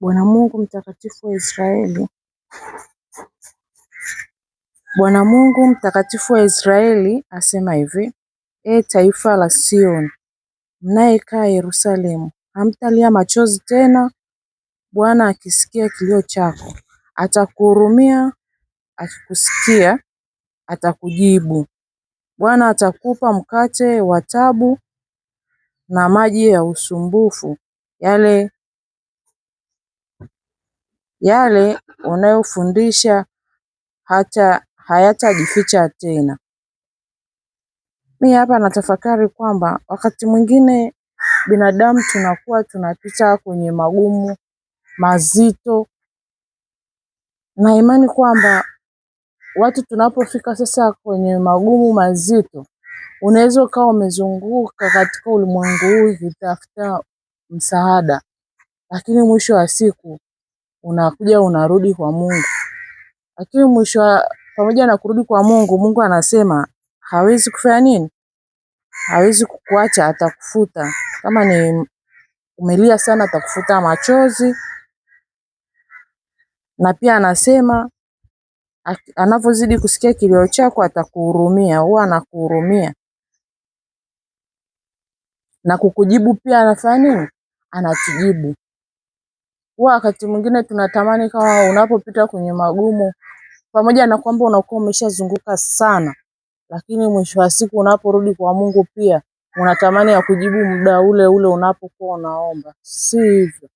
Bwana Mungu mtakatifu wa Israeli, Bwana Mungu mtakatifu wa Israeli asema hivi: E taifa la Sioni, mnayekaa Yerusalemu, hamtalia machozi tena. Bwana akisikia kilio chako atakuhurumia akikusikia atakujibu. Bwana atakupa mkate wa tabu na maji ya usumbufu, yale yale unayofundisha hata hayatajificha tena. Mi hapa natafakari kwamba wakati mwingine binadamu tunakuwa tunapita kwenye magumu mazito, na imani kwamba watu tunapofika sasa kwenye magumu mazito, unaweza ukawa umezunguka katika ulimwengu huu ukitafuta msaada, lakini mwisho wa siku unakuja unarudi kwa Mungu. Lakini mwisho, pamoja na kurudi kwa Mungu, Mungu anasema hawezi kufanya nini? Hawezi kukuacha, atakufuta. Kama ni umelia sana, atakufuta machozi, na pia anasema anavyozidi kusikia kilio chako atakuhurumia, huwa anakuhurumia na kukujibu pia, anafanya nini? Anatujibu. Huwa wakati mwingine tunatamani kama unapopita kwenye magumu, pamoja na kwamba unakuwa umeshazunguka sana, lakini mwisho wa siku unaporudi kwa Mungu pia unatamani ya kujibu muda ule ule unapokuwa unaomba. Si hivyo,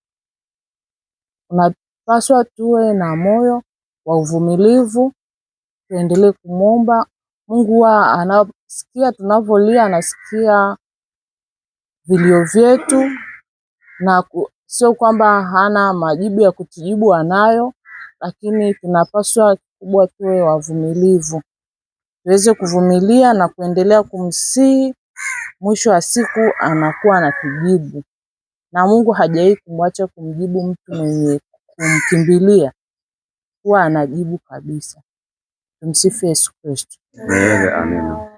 unapaswa tuwe na moyo wa uvumilivu. Tuendelee kumwomba Mungu. Huwa anasikia tunavyolia, anasikia vilio vyetu, na sio kwamba hana majibu ya kutujibu, anayo, lakini tunapaswa kubwa tuwe wavumilivu, tuweze kuvumilia na kuendelea kumsihi. Mwisho wa siku anakuwa anatujibu, na Mungu hajawahi kumwacha kumjibu mtu mwenye kumkimbilia huwa anajibu kabisa. Tumsifu Yesu Kristo. Milele amina.